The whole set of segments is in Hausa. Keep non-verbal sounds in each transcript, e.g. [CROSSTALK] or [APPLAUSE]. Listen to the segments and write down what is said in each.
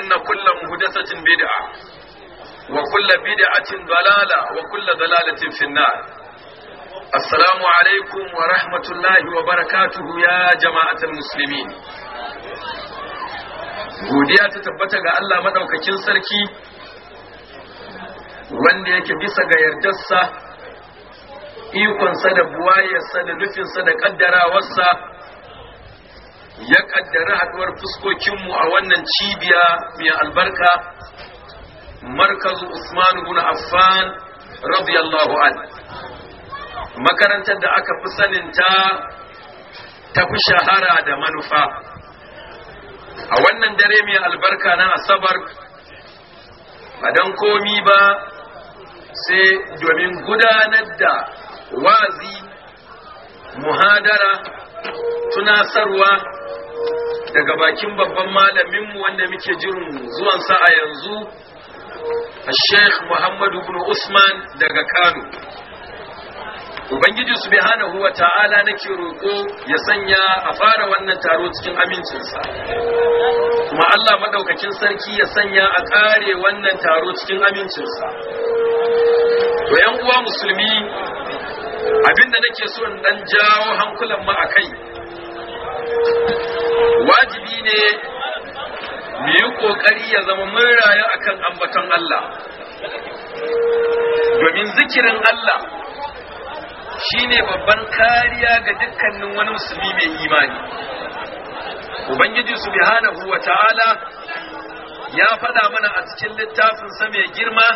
inna kulla muhdathatin bida'a, wa kulla cin dalala wa kulla dalalatin finnar assalamu alaikum wa rahmatullahi wa barakatuhu ya jama'atul musulmi! godiya ta tabbata ga Allah madaukakin sarki wanda yake bisa ga yardarsa ikonsa da buwayarsa da nufinsa sa da kaddarawarsa ya kaddara haduwar fuskokinmu a wannan cibiya mai albarka markazu Usman ibn Affan radiyallahu an makarantar da aka fi saninta ta fi shahara da manufa a wannan dare mai albarka na asabar ba don komi ba sai domin gudanar da wazi muhadara tunasarwa daga bakin babban malaminmu wanda muke jirin zuwansa a yanzu Sheikh Muhammadu bin Usman daga Kano Ubangiji subhanahu wa ta'ala nake roƙo ya sanya a fara wannan taro cikin amincinsa kuma Allah madaukakin sarki ya sanya a kare wannan taro cikin amincinsa to yan uwa musulmi abinda nake so in dan jawo hankulan mu akai wajibi ne mu yi kokari ya zama mun rayu akan ambaton Allah domin zikirin Allah shine babban kariya ga dukkanin wani musulmi mai imani ubangiji subhanahu wa ta'ala ya faɗa mana a cikin littafin sa mai girma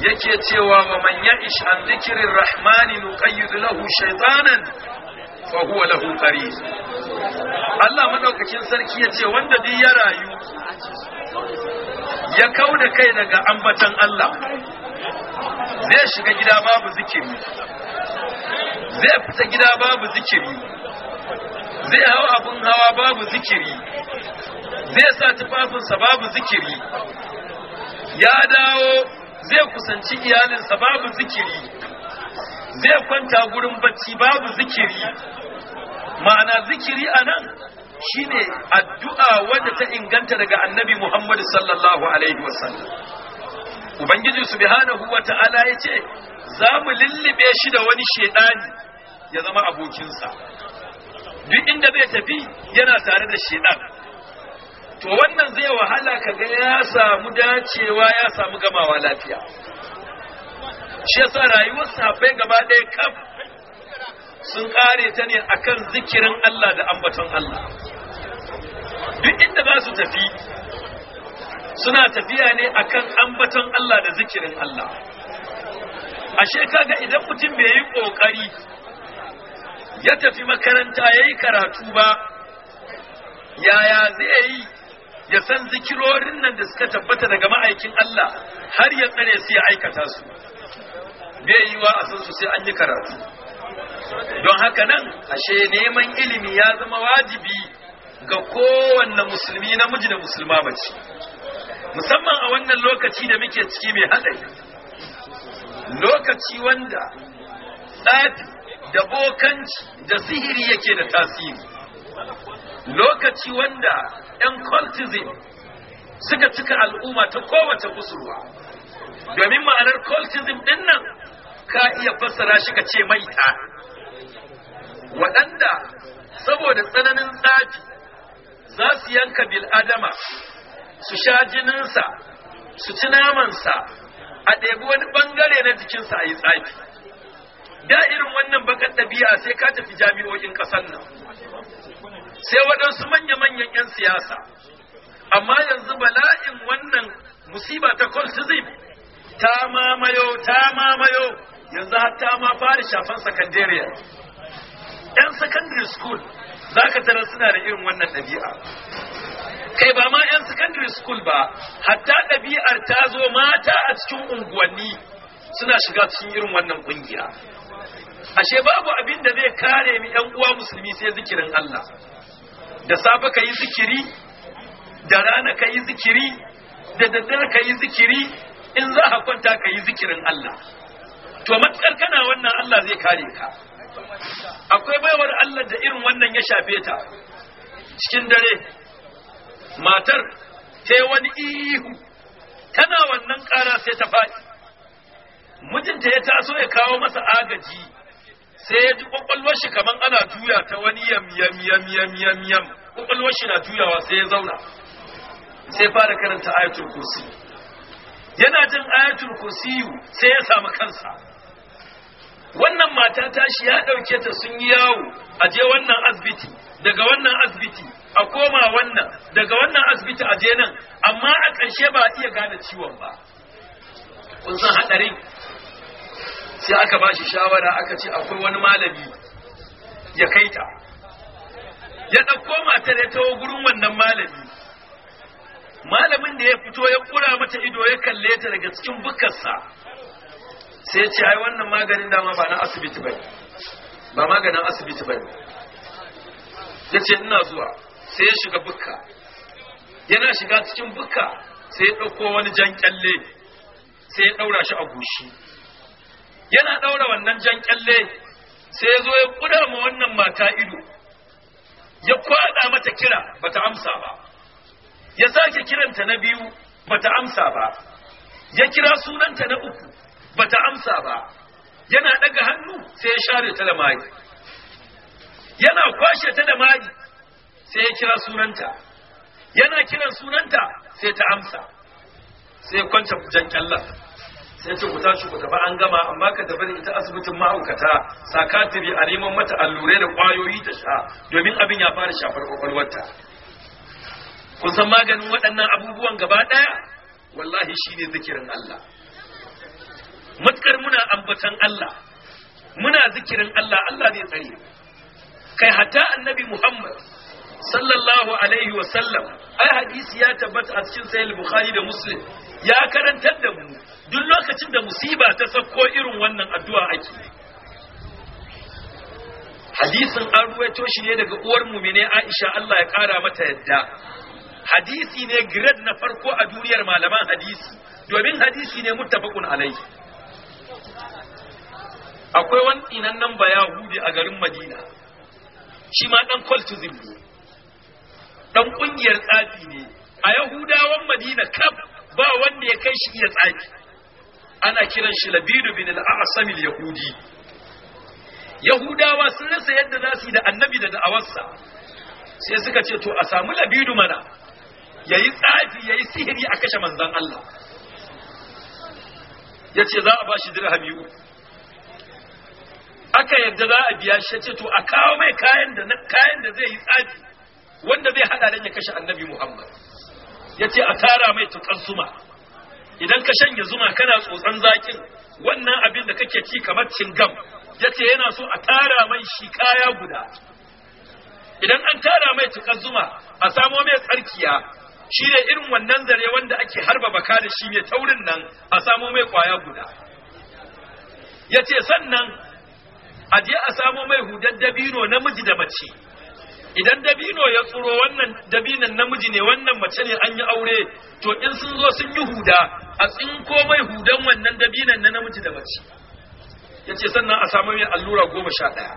yake cewa wa man ya an dhikrir rahmani nuqayyid lahu shaytanan fa huwa lahu qarin Allah madaukakin sarki yace wanda duk ya rayu ya kauda kai daga ambatan Allah zai shiga gida babu zikiri zai fita gida babu zikiri zai hawa abun hawa babu zikiri zai sa tufafinsa babu zikiri ya dawo zai kusanci iyalinsa babu zikiri zai kwanta gurin bacci babu zikiri ma'ana zikiri anan, nan shine addu'a wanda ta inganta daga annabi muhammadu sallallahu alaihi wasallam ubangiji subhanahu wa ta'ala ya ce za mu lullube shi da wani shedani ya zama abokinsa duk inda bai tafi yana tare da shaidan to wannan zai wahala kaga ya samu dacewa ya samu gamawa lafiya shi ya sa rayuwar sahabbai gaba ɗaya kaf sun kare ta ne a kan zikirin Allah da ambaton Allah duk inda za su tafi suna tafiya ne a kan ambaton Allah da zikirin Allah ashe kaga idan mutum bai yi ƙoƙari ya tafi makaranta ya yi karatu ba yaya zai yi ya san zikirorin nan da suka tabbata daga ma'aikin Allah har ya tsare su ya aikata su bai yiwa a san su sai an yi karatu don haka nan ashe neman ilimi ya zama wajibi ga kowanne musulmi namiji da musulma mace musamman a wannan lokaci da muke ciki mai haɗari lokaci wanda tsafi da bokanci da sihiri yake da tasiri lokaci wanda 'yan cultism suka cika al'umma ta kowace kusurwa domin ma'anar cultism din nan ka iya fassara shi ka ce maita waɗanda saboda tsananin tsafi za su yanka bil'adama su sha jininsa su ci namansa a ɗebi wani ɓangare na jikinsa a yi tsafi da irin wannan bakar ɗabi'a sai ka tafi jami'o'in ƙasar nan sai waɗansu manya-manyan 'yan siyasa amma yanzu bala'in wannan musiba ta cultism ta mamayo ta mamayo yanzu hatta ma fara shafan sakandariya 'yan secondary school za ka tara suna da irin wannan ɗabi'a kai ba ma 'yan secondary school ba hatta ɗabi'ar ta zo mata a cikin unguwanni suna shiga cikin irin wannan ƙungiya ashe babu abin da zai kare mu 'yan uwa musulmi sai zikirin Allah da safe ka yi zikiri da rana ka yi zikiri da daddare ka yi zikiri in za a kwanta ka yi zikirin Allah to matsar kana wannan Allah zai kare ka akwai baiwar Allah da irin wannan ya shafe ta cikin dare matar ta wani ihu tana wannan ƙara sai ta faɗi mijinta ya taso ya kawo masa agaji sai ya ji kwakwalwar shi kamar ana juya ta wani yam yam yam yam yam yam kwakwalwar shi na juyawa sai ya zauna sai fara karanta ayatul kursi yana jin ayatul kursi sai ya samu kansa wannan mata shi ya dauke ta sun yi yawo a je wannan asibiti daga wannan asibiti a koma wannan daga wannan asibiti a je nan amma a ƙarshe ba a iya gane ciwon ba kun san hadarin sai aka ba shi shawara aka ce akwai wani malami ya kai ta ya ɗauko matar ya taho gurin wannan malami malamin da ya fito ya kura mata ido ya kalle ta daga cikin bukarsa sai ce ai wannan maganin dama ba na asibiti ba ba maganin asibiti ba ya ce ina zuwa sai ya shiga bukka yana shiga cikin bukka sai ya ɗauko wani jan kyalle sai ya ɗaura shi a gushi yana ɗaura wannan jan kyalle sai ya zo ya kuda ma wannan mata ido ya kwada mata kira bata amsa ba ya sake kiranta na biyu bata amsa ba ya kira sunanta na uku bata amsa ba yana daga hannu sai ya share ta da mai yana kwashe ta da mai sai ya kira sunanta yana kiran sunanta sai ta amsa sai kwanta jan kyallar sai ce ku tashi ku tafi an gama amma ka tafi da ita asibitin mahaukata sakatiri a neman mata allurai da kwayoyi ta sha domin abin ya fara shafar kwakwalwarta kun san maganin waɗannan abubuwan gaba ɗaya wallahi ne zikirin Allah matukar muna ambatan Allah muna zikirin Allah Allah ne tsare kai hatta annabi Muhammad sallallahu alaihi wa sallam ai hadisi ya tabbata a cikin sahih bukhari da muslim ya karantar da mu duk lokacin da musiba ta sako irin wannan addu'a ake hadisin an ruwaito shi ne daga uwar mumine Aisha Allah ya kara mata yadda hadisi ne grade na farko a duniyar malaman hadisi domin hadisi ne muttafaqun alai akwai wani inan nan ba hudu a garin madina shi ma dan cultism ne dan kungiyar tsafi ne a yahudawan madina kaf ba wanda ya kai shi iya tsafi ana kiran shi labidu bin al yahudi yahudawa sun rasa yadda za su yi da annabi da da'awarsa sai suka ce to a samu labidu mana yayi tsafi yayi sihiri a kashe manzon Allah ce za a bashi dirhami aka yadda za a biya shi ce to a kawo mai kayan da zai yi tsafi wanda zai hada dan ya kashe annabi Muhammad yace a tara mai tukar suma idan ka shanye zuma kana tsotsan zakin wannan abin da kake ci kamar cingam yace yana so a tara mai shi kaya guda idan an tara mai tukar zuma a samo mai tsarkiya shi ne irin wannan zare wanda ake harba baka da shi mai taurin nan a samo mai kwaya guda yace sannan a a samo mai hudar dabino namiji da mace idan dabino ya tsoro. wannan dabinan namiji ne wannan mace ne an yi aure to in sun zo sun yi huda a tsinko mai hudan wannan dabinan na namiji da mace ya ce sannan a samu mai allura goma sha ɗaya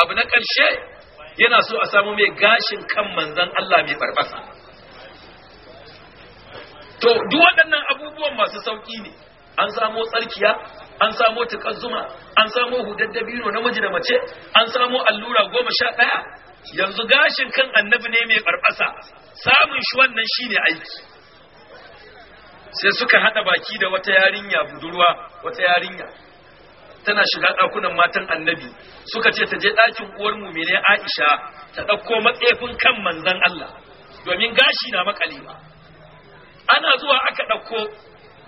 abu na ƙarshe yana so a samu mai gashin kan manzan Allah mai barbasa to duk waɗannan abubuwan masu sauƙi ne an samo tsarkiya an samo tukazzuma zuma an samo hudar dabino namiji da mace an samo allura goma sha ɗaya yanzu gashin kan annabi ne mai barbasa samun shi wannan shine aiki sai suka haɗa baki da wata yarinya budurwa wata yarinya tana shiga ɗakunan matan annabi suka ce ta je ɗakin uwar mu mene aisha ta ɗauko matsefin kan manzan Allah domin gashi na makalima ana zuwa aka ɗauko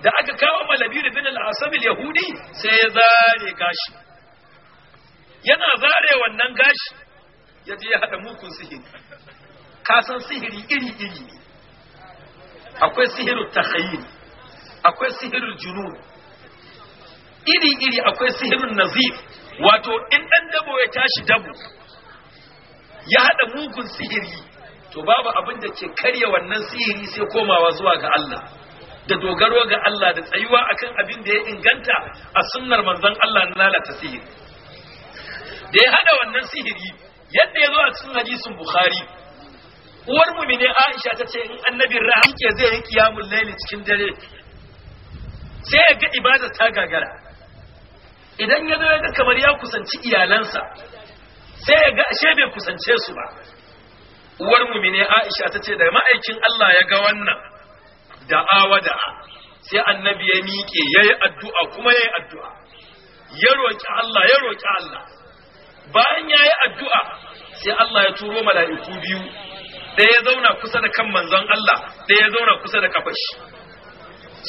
da aka kawo malabir bin al-asam al-yahudi sai ya zare gashi yana zare wannan gashi ya je ya hada mukun sihiri ka san sihiri iri iri ne akwai sihirin takhayyul akwai sihirin junun iri iri akwai sihirin nazif wato in dan dabo ya tashi dabo ya hada mukun sihiri to babu abin da ke karya wannan sihiri sai komawa zuwa ga Allah da dogaro ga Allah da tsayuwa akan abin da ya inganta a sunnar manzon Allah na lalata sihiri da ya hada wannan sihiri yadda ya zo a cikin hadisin Bukhari uwar mu'mini Aisha ta ce in annabin rahim ke zai yi kiyamul laili cikin dare sai ya ga ibada ta gagara idan ya zo ya ga kamar ya kusanci iyalansa sai ya ga ashe bai kusance su ba uwar mu'mini Aisha ta ce da ma'aikin Allah ya ga wannan Da wa sai annabi ya miƙe ya yi addu'a kuma ya yi addu'a ya roƙi Allah ya roƙi Allah bayan ya yi addu'a sai Allah ya turo mala'iku biyu da ya zauna kusa da kan manzon Allah da ya zauna kusa da kafashi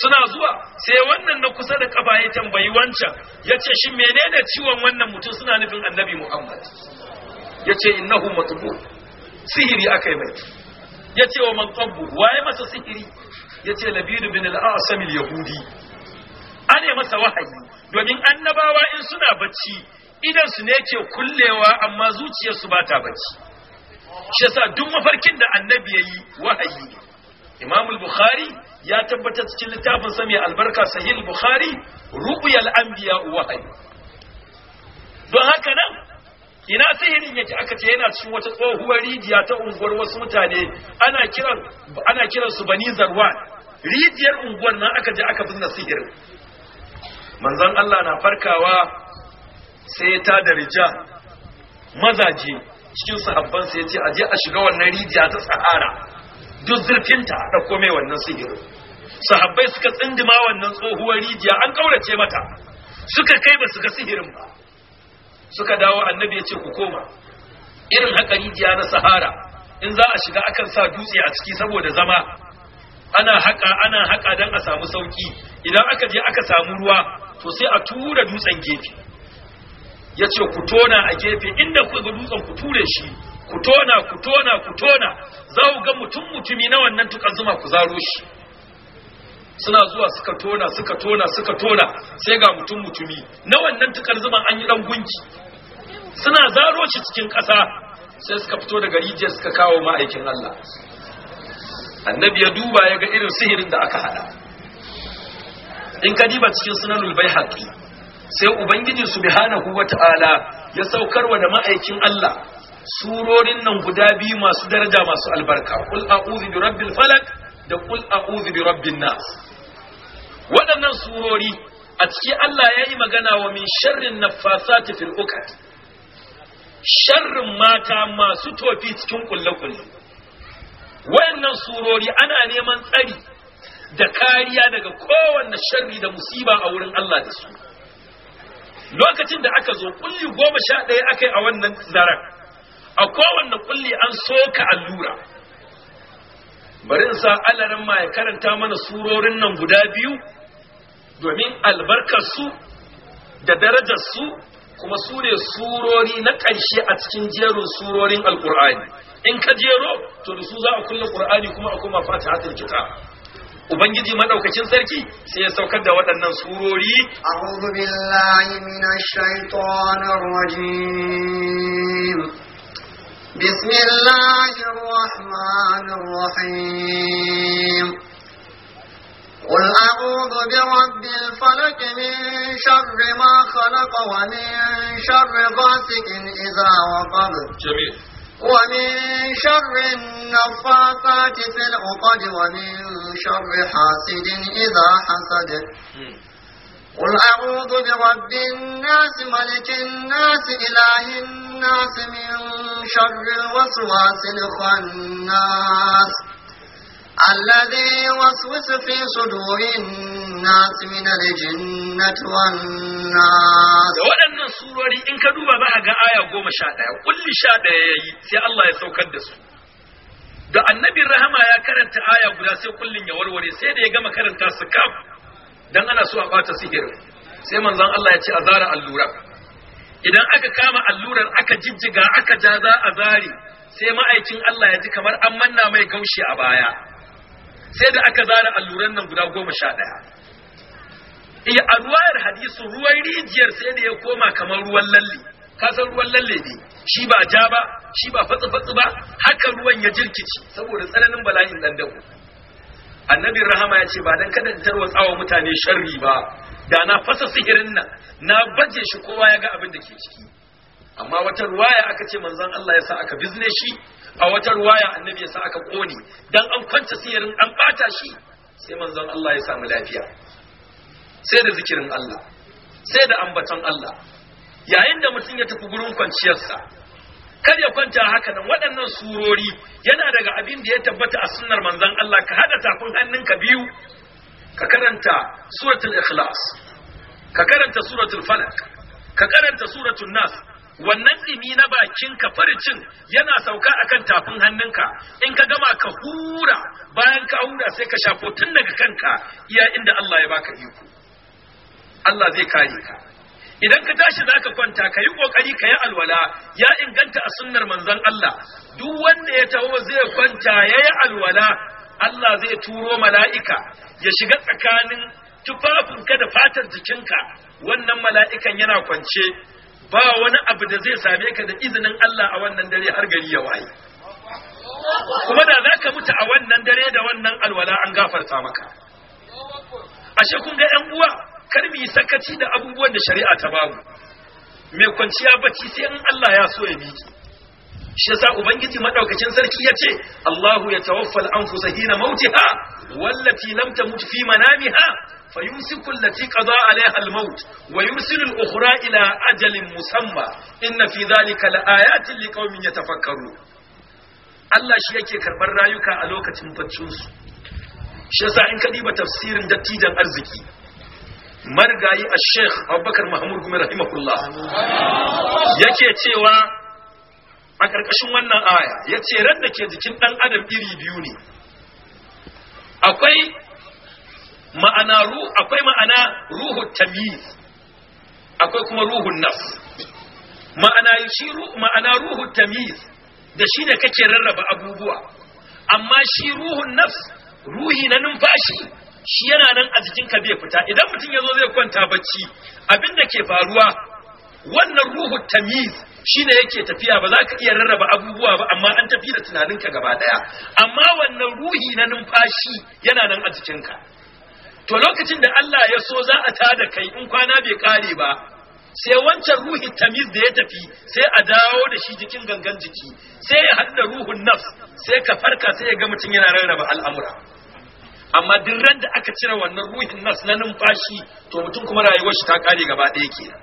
suna zuwa sai wannan na kusa da kafa ya tambayi wancan ya ce shi menene ciwon wannan mutum suna nufin annabi Muhammad ya ce innahu matubun sihiri aka yi mai ya ce wa man waye masa sihiri yace labidu bin al-asam al-yahudi ane masa wahayi domin annabawa in suna bacci idan su ne ke kullewa amma zuciyarsu ba bata bacci shi duk mafarkin da annabi yayi wahayi imamul bukhari ya tabbatar cikin littafin sami albarka Sahih Bukhari, bukhari ru'yal anbiya wahayi don haka nan ina sihirin yake aka ce yana cikin wata tsohuwar rijiya ta unguwar wasu mutane ana kiran ana kiran su bani zarwan rijiyar unguwar nan aka je aka binne sihirin manzon Allah na farkawa sai ta da rija mazaje cikin sahabban sai ce aje a shiga wannan rijiya ta sahara duk zurfinta ta da wannan sihirin sahabbai suka tsindima wannan tsohuwar rijiya an kaurace mata suka kai ba su ga sihirin ba suka dawo annabi ya ce ku koma irin haka rijiya na sahara in za a shiga akan sa dutse a ciki saboda zama ana haka ana haka don a samu sauki idan aka je aka samu ruwa to sai a tura dutsen gefe ya ce ku tona a gefe inda ku ga dutsen ku ture shi ku tona ku tona ku tona za ku ga mutum mutumi na wannan tukan zuma ku zaro shi suna zuwa suka tona suka tona suka tona sai ga mutum mutumi na wannan tukar zuma an yi dan gunki suna zaro shi cikin ƙasa sai suka fito daga rijiyar suka kawo ma'aikin Allah annabi ya duba ya ga irin sihirin da aka hada in ka diba cikin sunan Ulbaihad, haƙi sai ubangiji subhanahu wa ta'ala ya saukarwa da ma'aikin Allah surorin nan guda biyu masu daraja masu albarka qul a'udhu bi rabbil falaq da qul a'udhu bi rabbin nas waɗannan surori a ciki Allah ya yi magana wa min sharrin naffasati fil uqad sharrin mata masu tofi cikin kulle-kulle wayannan surori ana neman tsari da kariya daga kowanne sharri da musiba a wurin Allah da su lokacin da aka zo kulli goma sha ɗaya aka a wannan zarar, a kowanne kulli an soka allura bari in sa alaran ma ya karanta mana surorin nan guda biyu domin albarkar su da darajar su. kuma su ne surori na ƙarshe a cikin jerin surorin alƙur'ani in ka jero to da su za a kulle ƙur'ani kuma a koma fata hatar kita ubangiji maɗaukacin sarki sai ya saukar da waɗannan surori a'udhu billahi minash shaitanir rajim bismillahir rahmanir rahim أعوذ برب الفلك من شر ما خلق ومن شر غاسق إذا وقب جميل ومن شر النفاثات في العقد ومن شر حاسد إذا حسد قل أعوذ برب الناس ملك الناس إله الناس من شر الوسواس الخناس الذي يوسوس في صدور الناس من الجنة والناس da waɗannan surori in ka duba za a ga aya goma sha ɗaya kulli sha ɗaya ya yi sai Allah ya saukar da su da annabin rahama ya karanta aya guda sai kullin ya warware sai da ya gama karanta su kaf dan ana so a ɓata sihirin sai manzon Allah ya ce a zara allura idan aka kama allurar aka jijjiga aka ja za a zari, sai ma'aikin Allah ya ji kamar an manna mai gaushi a baya sai da aka zara alluran nan guda goma sha ɗaya iya a ruwayar ruwan rijiyar sai da ya koma kamar ruwan lalle kasan ruwan lalle ne shi ba ja ba shi ba fatsi-fatsi ba haka ruwan ya jirkici saboda tsananin bala'in ɗan Annabi annabin rahama ya ce ba don kada wa tsawon mutane sharri ba da na fasa sihirin nan na baje shi kowa ya ga abin da ke ciki amma wata ruwaya aka ce manzon Allah ya sa aka bizne shi a wata ruwaya annabi ya sa aka kone dan an kwanta siyarin an bata shi sai manzon Allah ya samu lafiya sai da zikirin Allah sai da ambaton Allah yayin da mutum ya tafi gurin kwanciyarsa kar ya kwanta haka nan waɗannan surori yana daga abin da ya tabbata a sunnar manzon Allah ka hada tafin hannunka biyu ka karanta suratul ikhlas ka karanta suratul falaq ka karanta suratul nas wannan tsimi na bakinka farcin yana sauka akan tafin hannunka in ka gama ka hura bayan ka hura sai ka shafo tun daga kanka iya inda Allah ya baka iko Allah zai kare ka idan ka tashi zaka kwanta ka yi kokari ka alwala ya inganta a sunnar manzon Allah duk wanda ya taho zai kwanta yayi alwala Allah zai turo mala'ika ya shiga tsakanin tufafinka da fatar jikinka wannan mala'ikan yana kwance ba wani abu da zai same ka da izinin Allah a wannan dare har gari ya waye kuma da zaka mutu a wannan dare da wannan alwala an gafarta maka ashe kun ga 'yan uwa kar sakaci da abubuwan da shari'a ta babu mai kwanciya bacci sai in Allah ya so ya miki shi yasa ubangiji madaukakin sarki yace Allahu ya tawaffal anfusa hina mautiha wallati lam tamut fi manamiha فيمسك التي قضى عليها الموت ويرسل الأخرى إلى أجل مسمى إن في ذلك لآيات لقوم يتفكرون Allah shi yake karɓar rayuka a lokacin baccinsu shi yasa in ka diba tafsirin dattijan arziki marigayi a sheikh abubakar mahmud gumi rahimahullah yake cewa a ƙarƙashin wannan aya ya ce ran da ke jikin ɗan adam iri biyu ne akwai ma'ana ru akwai ma'ana ruhu tamiz akwai kuma ruhun nafs ma'ana shi ma'ana ruhu tamiz da shine kake rarraba abubuwa amma shi ruhun nafs ruhi na numfashi shi yana nan a ka bai fita idan mutum yazo zai kwanta bacci abin da ke faruwa wannan ruhu tamiz shi ne yake tafiya ba za ka iya rarraba abubuwa ba amma an tafi da tunaninka gaba daya amma wannan ruhi na numfashi yana nan a jikinka to lokacin da Allah ya so za a tada kai in kwana bai kare ba sai wancan ruhi tamiz da ya tafi sai a dawo da shi jikin gangan jiki sai ya hadda ruhun nafs sai ka farka sai ya ga mutum yana rarraba al'amura amma duk ran da aka cire wannan ruhin nafs na numfashi to mutum kuma rayuwar shi ta kare gaba ɗaya kenan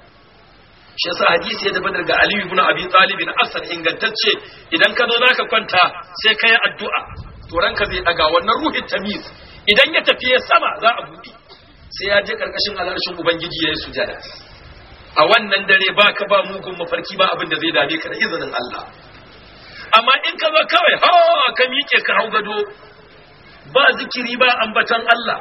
shi yasa hadisi ya dabar daga Ali ibn Abi Talib na asar ingantacce idan ka zo zaka kwanta sai kai addu'a to ranka zai daga wannan ruhin tamiz idan ya tafi ya sama za a buɗe sai ya je karkashin alarshin ubangiji ya yi sujada a wannan dare ba ka ba mugun mafarki ba abin da zai dame ka da izinin Allah amma in ka zo kawai hawa ka miƙe ka hau gado ba zikiri ba ambatan Allah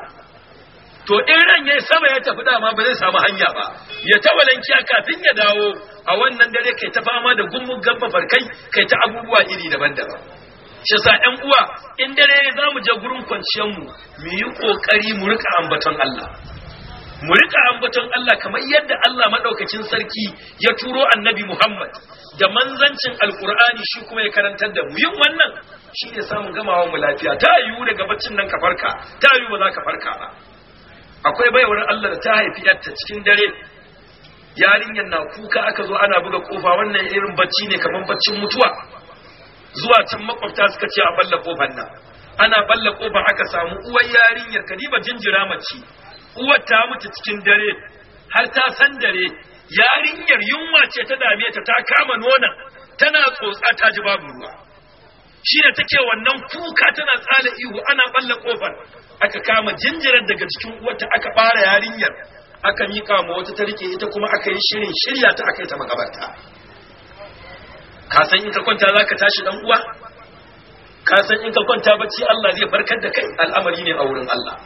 to in ran yayi sama ya tafi dama ba zai samu hanya ba ya tawalanki kafin ya dawo a wannan dare kai ta fama da gummugan mafarkai kai ta abubuwa iri daban-daban shi sa uwa in dare za mu je gurin kwanciyar mu mu yi kokari mu rika ambaton Allah mu rika ambaton Allah kamar yadda Allah maɗaukacin sarki ya turo annabi Muhammad da manzancin alƙur'ani shi kuma ya karantar da mu yin wannan shi ne samun gamawa mu lafiya ta yiwu daga baccin nan ka farka ta yiwu ba za ka farka ba akwai baiwar Allah da ta haifi yarta cikin dare yarinyar na kuka aka zo ana buga kofa wannan irin bacci ne kamar baccin mutuwa zuwa can makwabta suka ce a balla kofar nan ana balla kofar aka samu uwar yarinyar kadiba jinjira mace uwar ta mutu cikin dare har ta san dare yarinyar yunwa ce ta dame ta ta kama nonon tana tsotsa ta ji babu ruwa shi da take wannan kuka tana tsala ihu ana balla kofar aka kama jinjirar daga cikin uwar ta, aka ɓara yarinyar aka miƙa ma wata ta rike ita kuma aka yi shirin shirya ta aka yi ta makabarta ka san in ka kwanta za ka tashi dan uwa ka san in ka kwanta bacci Allah zai barkar da kai al'amari ne a wurin Allah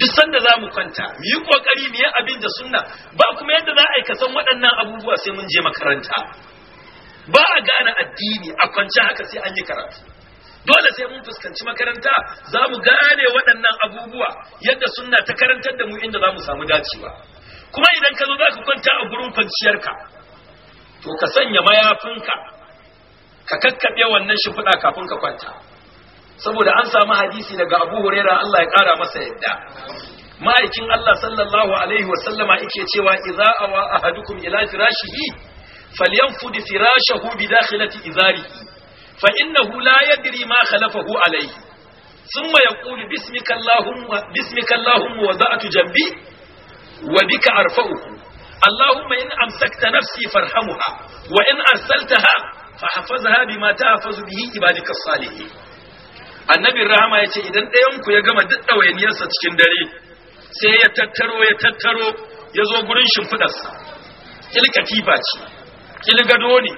duk sanda za mu kwanta mu yi kokari mu yi abin da sunna ba kuma yadda za a yi san waɗannan abubuwa sai mun je makaranta ba a gane addini a kwance haka sai an yi karatu dole sai mun fuskanci makaranta za mu gane waɗannan abubuwa yadda sunna ta karantar da mu inda za mu samu dacewa kuma idan ka zo za ka kwanta a gurin kwanciyarka to ka sanya mayafinka ka kakkaɓe wannan shimfiɗa kafin ka kwanta saboda an samu hadisi daga abu huraira Allah ya ƙara masa yadda ma'aikin Allah sallallahu alaihi wasallama yake cewa idza awa ahadukum ila firashihi falyanfud firashahu bi dakhilati izarihi fa innahu la yadri ma khalafahu alaihi ثم يقول بسمك اللهم بسمك اللهم وضعت wa bika أرفعه اللهم إن أمسكت نفسي فارحمها وإن أرسلتها فحفظها بما تحفظ به عبادك الصالحين annabin rahama ya ce idan ɗayanku ya gama duk ɗawainiyarsa cikin dare sai ya tattaro ya tattaro ya zo gurin shimfiɗarsa ƙil katifa ce ƙilgado ne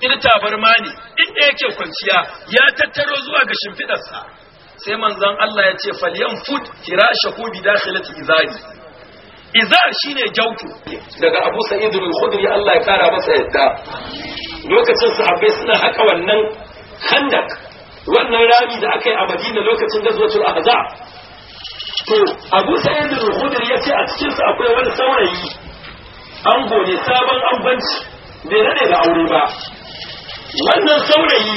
ƙil tabarma ne inda yake kwanciya ya tattaro zuwa ga shimfiɗarsa sai manzon Allah ya ce falyan fud firashahu bi dakhilati izari izar shine jautu daga abu sa'id bin khudri Allah ya kara masa yadda lokacin sahabbai suna haka wannan khandak wannan rami da aka yi a Madina lokacin gazwatul haza. to abu sa'id bin khudri yace a cikin sa akwai wani saurayi ango ne sabon ambanci bai rade da aure ba wannan saurayi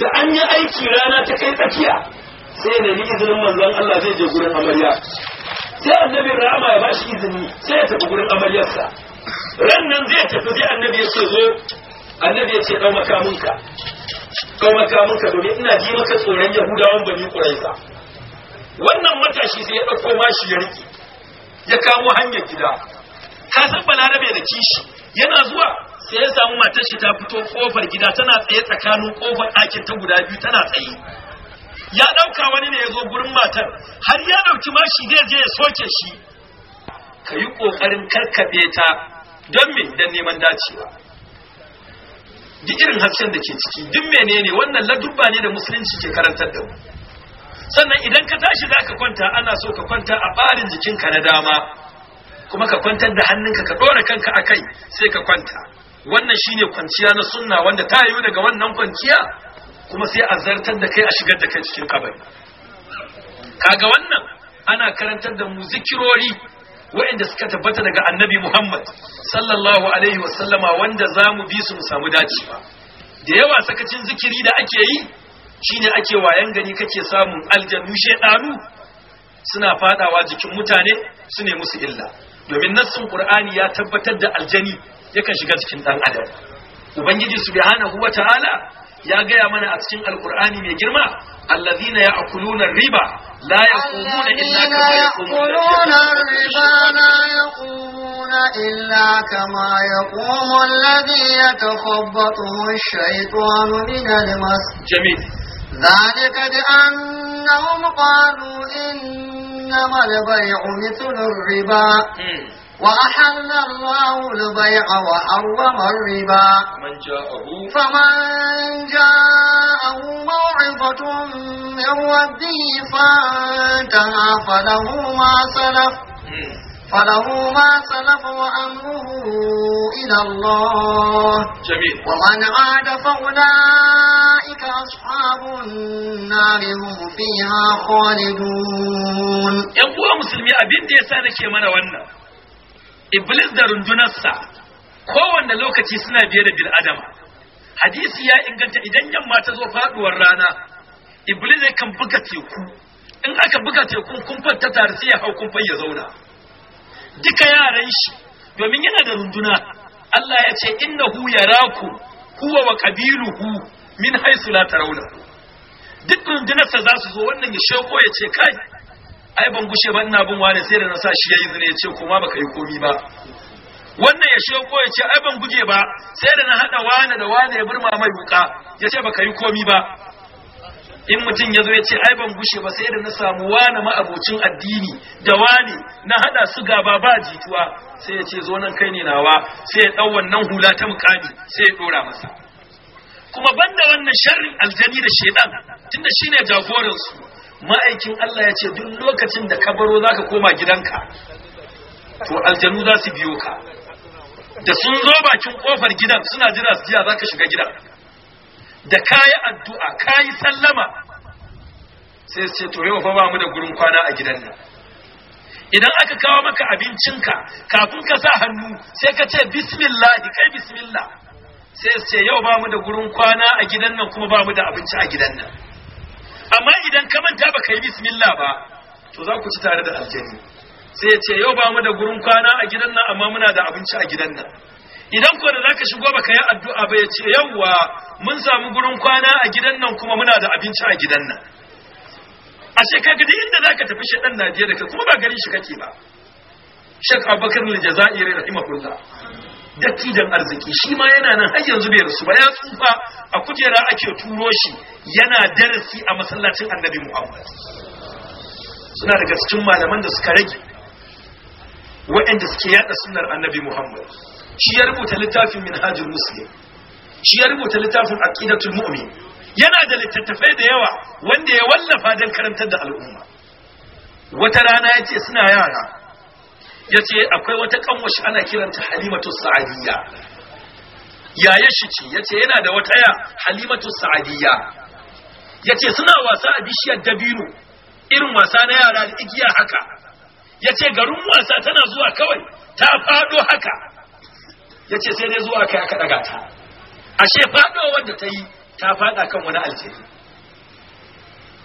da an yi aiki rana ta kai tsakiya sai na ni izinin manzon Allah zai je gurin amarya sai annabi rama ya bashi izini sai ya tafi gurin amaryarsa ran nan zai tafi sai annabi ya ce zo annabi ya ce ɗau makaminka domin ina ji maka tsoron yahudawan bani ƙuraisa wannan matashi sai ya ɗauko mashi ya riƙe ya kamo hanyar gida ka san balarabe da kishi yana zuwa sai ya samu matar shi ta fito kofar gida tana tsaye tsakanin kofar ɗakin ta guda biyu tana tsaye ya ɗauka wani ne ya zo gurin matar har ya ɗauki mashi zai je ya soke shi ka yi ƙoƙarin karkaɓe ta don me don neman dacewa duk irin hasken da ke ciki duk menene wannan ladubba ne da musulunci ke karantar da mu sannan idan ka tashi za ka kwanta ana so ka kwanta a ɓarin jikinka na dama kuma ka kwantar da hannunka ka ɗora kanka a kai sai ka kwanta wannan shine kwanciya na sunna wanda ta yiwu daga wannan kwanciya kuma sai a zartar da kai a shigar da kai cikin kabari kaga wannan ana karantar da mu zikirori waɗanda suka tabbata daga annabi Muhammad sallallahu alaihi wasallama wanda za mu bi su mu samu dacewa da yawa sakacin zikiri da ake yi shine ake wayan gani kake samun aljanu shedanu suna fadawa jikin mutane su ne musu illa domin nassin qur'ani ya tabbatar da aljani yakan shiga cikin dan adam ubangiji subhanahu wataala ya gaya mana a cikin alkur'ani mai girma allazina ya'kuluna riba la yaqumuna illa kama yaqumuna riba la yaqumuna illa kama yaqumu alladhi yatakhabbathu ash-shaytanu min al-mas jamil ذلك بأنهم قالوا إنما البيع مثل الربا وأحل الله البيع وحرم الربا من جاءه فمن جاءه موعظة من ربه فانتهى فله ما سلف فله ما سلف وأمره إلى الله جميل ومن عاد فأولئك أصحاب النار هم فيها خالدون يقول مسلمي أبين دي سانك يمنى وانا iblis da rundunarsa kowanne lokaci suna biye da bil adam hadisi ya inganta idan yamma ta zo faduwar rana iblis kan buga teku in aka buga teku kun ta tare sai ya hau kumfan ya zauna duka yaran shi domin yana da runduna Allah ya ce innahu raku, huwa wa kabiluhu min haythu la tarawna duk rundunarsa za su zo wannan ya sheko ya ce kai ai ban gushe ba ina bin wane sai da na sa shi yi zina ya ce kuma baka yi komi ba wannan ya sheko ya ce ai ban guje ba sai da na hada wane da wane ya burma mai wuka ya ce baka yi komi ba in mutum ya zo ya ce ai ban gushe ba sai da na samu wane ma'abocin addini da wane na hada su gaba ba jituwa sai ya ce zo nan kai ne nawa sai ya dau wannan hula ta mukami sai ya dora masa kuma banda wannan sharri aljani da shedan tunda shine jagoransu ma'aikin Allah ya ce duk lokacin da ka baro za ka koma gidanka to aljanu za su biyo ka da sun zo bakin kofar gidan suna jira su jiya za ka shiga gidan da ka yi addu'a ka yi sallama sai ce to yau fa ba mu da gurin kwana a gidan nan idan aka kawo maka abincinka kafin ka sa hannu sai ka ce bismillah kai bismillah sai ce yau ba mu da gurin kwana a gidan nan kuma ba mu da abinci a gidan nan amma idan ka manta baka yi bismillah ba to za ku ci tare da aljanni sai ya ce yau ba mu da gurin kwana a gidan nan amma muna da abinci a gidan nan idan ko da zaka shigo baka yi addu'a ba ya ce yawwa mun samu gurin kwana a gidan nan kuma muna da abinci a gidan nan ashe ka duk inda zaka tafi shi dan Najeriya ka kuma ba garin shi kake ba Sheikh Abubakar al-Jazairi rahimahullah dattijan arziki shi ma yana nan har yanzu bai rasu ba ya tsufa a kujera ake turo shi yana darasi a masallacin annabi muhammad suna daga cikin malaman da suka rage waɗanda suke yada sunar annabi muhammad shi ya rubuta littafin minhajul muslim shi ya rubuta littafin aqidatul mu'min yana da littattafai da yawa wanda ya wallafa don karantar da al'umma wata rana ya ce suna yara ya ce akwai wata kanwashi ana kiranta halimatu sa'adiyya yaya shi ce ya ce yana da wata ya halimatu sa'adiyya ya ce suna wasa a bishiyar dabino irin wasa na yara da igiya haka ya ce garin wasa tana zuwa kawai ta fado haka ya ce sai dai zuwa kai aka daga ta ashe fado wanda ta yi ta fada kan wani aljihi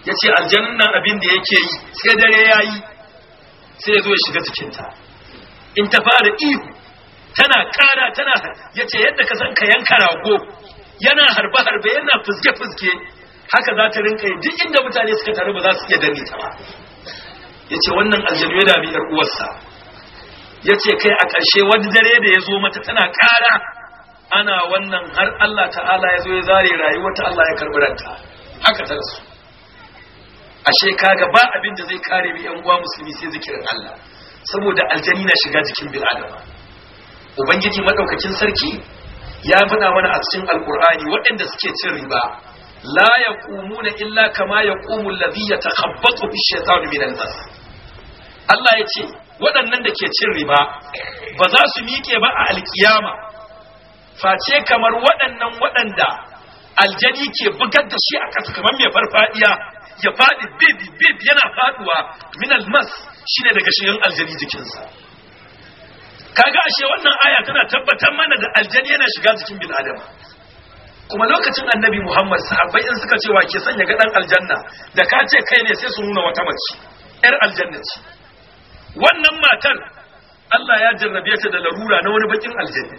ya ce aljanun nan abin da yake yi sai dare ya yi sai ya ya shiga cikinta in ta fara ihu tana kara tana yace yadda ka san ka yanka rago yana harbe harbe yana fuske fuske haka za ta rinka yi duk inda mutane suka taru ba za su iya dani ta ba yace wannan aljanu ya dami yar uwarsa yace kai a ƙarshe wani dare da ya zo mata tana kara ana wannan har Allah ta'ala ya zo ya zare rayuwar ta Allah ya karbi ranta haka ta rasu ashe kaga ba abin da zai kare mu yan uwa musulmi sai zikirin Allah saboda aljani na shiga jikin bil'adama, ubangiji madaukakin sarki ya faɗa mana a cikin alkur'ani waɗanda suke cin riba la na illa kama yaqumu alladhi ta ash-shaytanu min al Allah ya ce waɗannan da ke cin riba ba za su miƙe ba a alkiyama face kamar waɗannan waɗanda aljani ke bugar da shi a ƙasa kamar mai ya faɗi bib bib yana faɗuwa min al shine daga shirin aljani jikinsa kaga ashe wannan aya tana tabbatar mana da aljani yana shiga cikin bil adama kuma lokacin annabi muhammad sahabbai in suka ce wa ke sanya ga dan aljanna da ka ce kai ne sai su nuna wata mace yar aljanna ce wannan matar Allah ya jarrabe ta da larura na wani bakin aljanna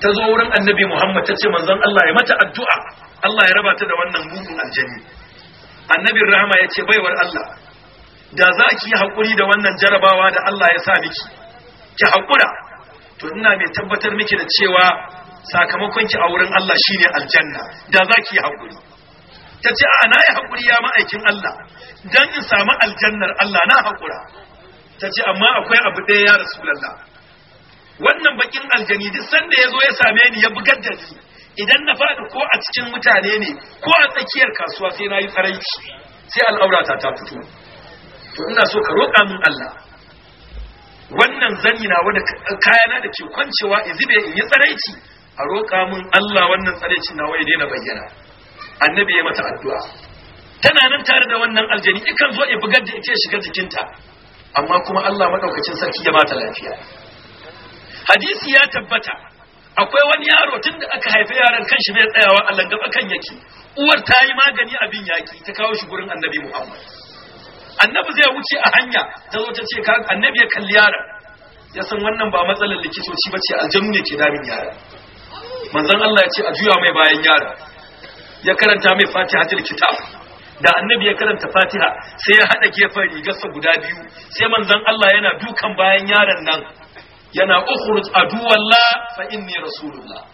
ta zo wurin annabi muhammad ta ce manzon Allah ya mata addu'a Allah ya raba ta da wannan mugun aljani annabin rahama ya ce baiwar Allah da za ki yi hakuri da wannan jarabawa da Allah ya sa miki ki haƙura to ina mai tabbatar miki da cewa sakamakon ki a wurin Allah shine aljanna da za ki yi hakuri. ta ce a na yi haƙuri ya ma'aikin Allah dan in samu aljannar Allah na hakura. ta ce amma akwai abu ɗaya ya rasulallah wannan bakin aljani duk sanda ya zo ya same ni ya bugar da ni idan na faɗi ko a cikin mutane ne ko a tsakiyar kasuwa sai na yi tsaraici sai al'aurata ta fito to ina so ka roƙa min Allah wannan zanni na wanda kayana da ke kwancewa in zube in yi tsaraici a roƙa min Allah wannan tsaraici na wai na bayyana annabi ya mata addu'a tana nan tare da wannan aljani ikan zo ya bugar da ita ya shiga jikinta amma kuma Allah maɗaukacin sarki ya bata lafiya hadisi ya tabbata akwai wani yaro tun da aka haifi yaran kan shi bai tsayawa a langaba kan yake uwar ta yi magani abin yaƙi ta kawo shi gurin annabi muhammad annabi zai wuce a hanya ta zo ta ce ka annabi ya kalli yaran. ya san wannan ba matsalar likitoci ba ce aljanu ne ke damin yaran manzon Allah ya ce a juya mai bayan yaran. ya karanta mai fatiha ta kitab da annabi ya karanta fatiha sai ya haɗa gefen rigarsa guda biyu sai manzon Allah yana dukan bayan yaran nan yana ukhruj aduwallah fa inni rasulullah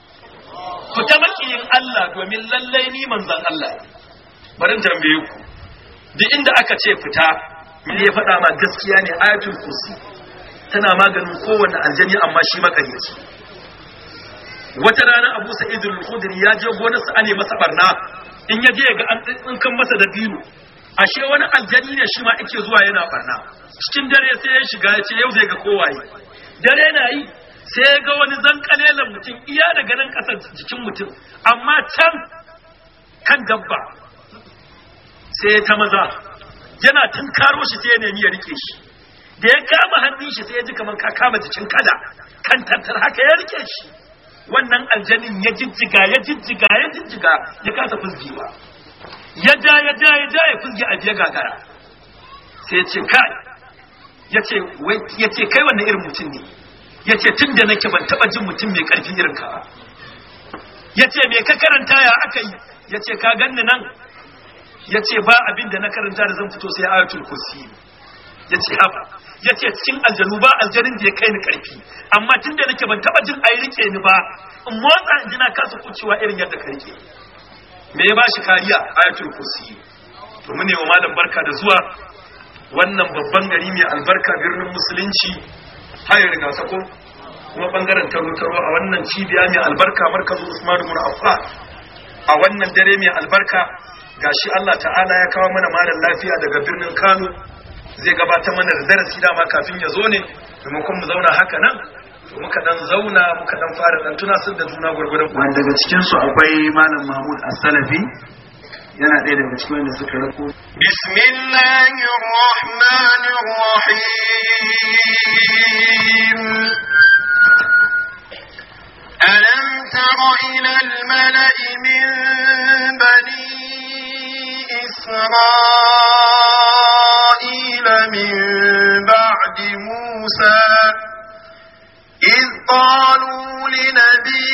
fita makiyin Allah domin lallai ni manzon Allah bari tambaye ku duk inda aka ce fita ya faɗa ma gaskiya ne ayatul kursi tana maganin kowanne aljani amma shi makarici wata rana abu sa'id al-khudri ya je gonar su ane masa barna in ya je ga an kan masa da ashe wani aljani ne shi ma yake zuwa yana barna cikin dare sai ya shiga ya ce yau zai ga kowaye dare na yi sai ya ga wani zankalelan mutum iya daga nan kasar jikin mutum amma can kan dabba sai ta maza yana tunkaro shi sai ya nemi ya rike shi da ya kama hannun shi sai ya ji kamar ka kama jikin kada kan tantar haka ya rike shi wannan aljanin ya jijjiga ya jijjiga ya jijjiga ya kasa fusgewa ya ja ya ja ya ja ya fusge a biya gagara sai ya ce kai ya ce kai wannan irin mutum ne ya ce tun da nake ban taba jin mutum mai karfi irin ka ya ce me ka karanta ya aka yi ya ce ka ganni nan ya ce ba abin da na karanta da zan fito sai ayatul kursi ya ce haka ya ce cikin aljanu ba aljanin da ya kai ni karfi amma tun da nake ban taba jin ai rike ni ba in motsa in jina kasa kucewa irin yadda ka rike me ya bashi kariya ayatul kursi to mu ne wa malam barka da zuwa wannan babban gari mai albarka birnin musulunci hayar riga sako kuma bangaren taro-taro a wannan cibiya mai albarka markazin usman bin affan a wannan dare mai albarka gashi Allah ta'ala ya kawo mana malam lafiya daga birnin Kano zai gabatar mana da darasi dama kafin ya zo ne kun mu zauna haka nan to muka dan zauna muka dan fara dan tuna sun da juna gurgurun ku daga cikin su akwai malam Mahmud As-Salafi yana ɗaya daga cikin wanda suka rako bismillahir rahmanir rahim ألم تر إلى الملأ min بني إسرائيل من بعد موسى إذ قالوا لنبي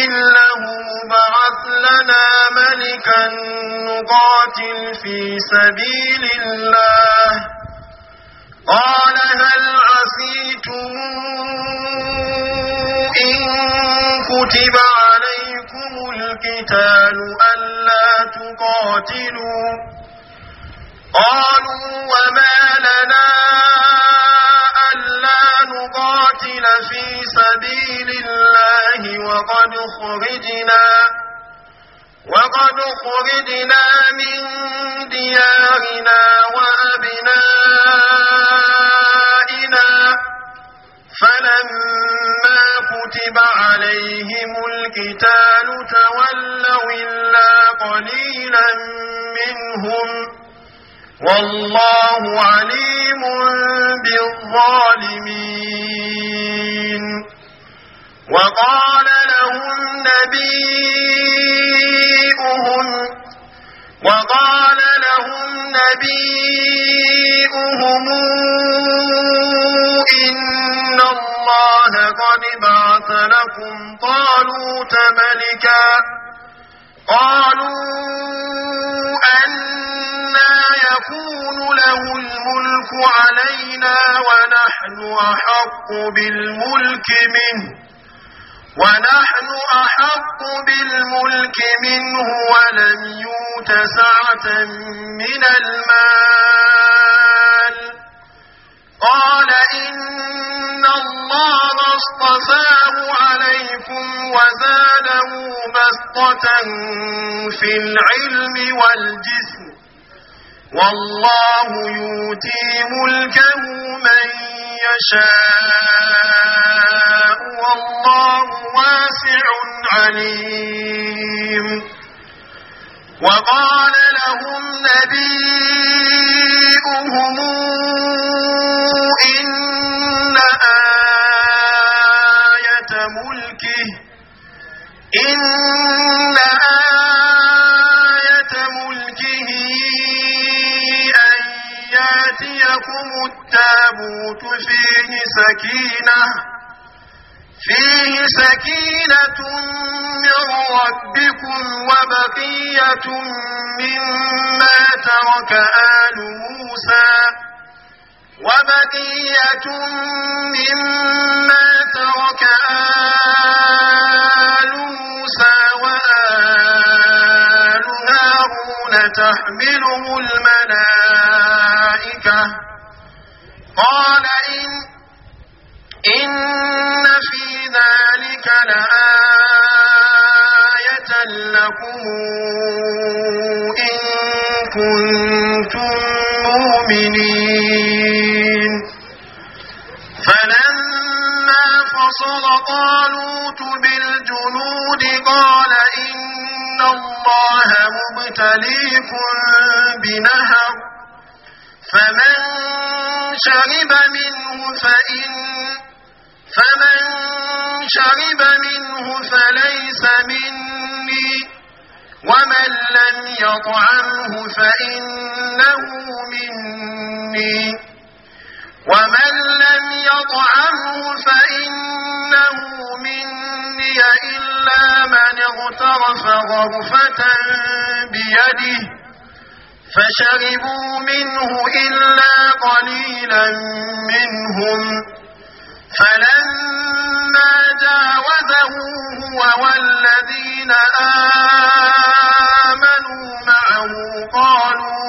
إله بعث لنا ملكا نقاتل في سبيل الله قال هل عسيتم إن كتب عليكم القتال ألا تقاتلوا قالوا وما لنا ألا نقاتل في سبيل الله وقد خرجنا وقد خرجنا من ديارنا وأبنائنا فلما كتب عليهم القتال تولوا إلا قليلا منهم والله عليم بالظالمين وقال لهم نبيئهم وقال لهم نبيئهم إن الله قد بعث لكم طالوت ملكا قالوا أنا يكون له الملك علينا ونحن أحق بالملك منه ونحن أحق بالملك منه ولم يوت سعة من المال قال إن الله اصطفاه عليكم وزاده بسطة في العلم والجسم والله يؤتي ملكه من يشاء والله واسع عليم وقال لهم نبيئهم إن آية ملكه إن آية ملكه أن ياتيكم التابوت فيه سكينه فيه سكينة من ربكم وبقية مما ترك آل موسى وبقية مما ترك آل موسى وآل هارون تحمله الملائكة قال إن لكم إن كنتم مؤمنين فلما فصل طالوت بالجنود قال إن الله مبتليكم بنهر فمن شرب منه فإن فمن شرب منه فليس مني ومن لم يطعمه فإنه مني ومن لم يطعمه فإنه مني إلا من اغترف غرفة بيده فشربوا منه إلا قليلا منهم فلما جاوزه هو والذين آمنوا معه قالوا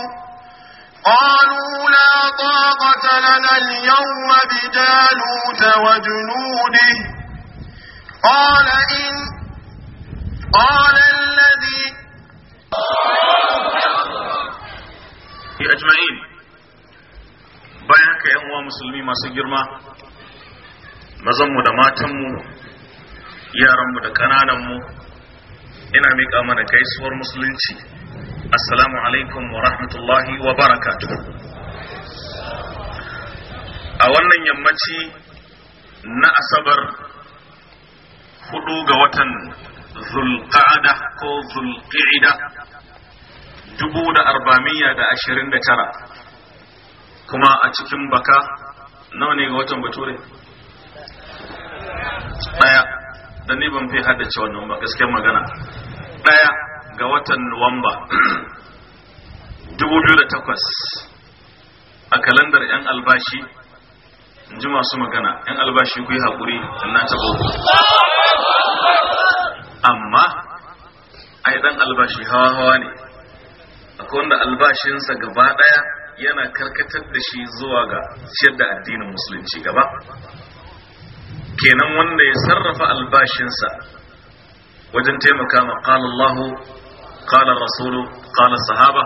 قالوا لا طاقة لنا اليوم بجالوت وجنوده قال إن قال الذي أجمعين bayan يا 'yan مسلمين ما سجر ما mazanmu da matanmu yaranmu da ƙanananmu ina miƙa mana gaisuwar musulunci assalamu alaikum wa rahmatullahi wa barakatu a wannan yammaci na asabar hudu ga watan zulqa'ada ko zulqa'ida dubu da arbamiya da ashirin da tara kuma a cikin baka nawa ne ga watan bature daya da ni ban fi haddace wannan ba gaskiyar magana daya ga watan nuwamba 2008 [CLEARS THROAT] a kalandar yan albashi in ji masu magana yan albashi ku yi haƙuri na taɓa ku amma ai dan albashi hawa hawa ne akwai wanda albashinsa gaba daya yana karkatar da shi zuwa ga siyar da addinin musulunci gaba kenan wanda ya sarrafa albashinsa wajen taimaka ma qala Allahu qala rasulu qala sahaba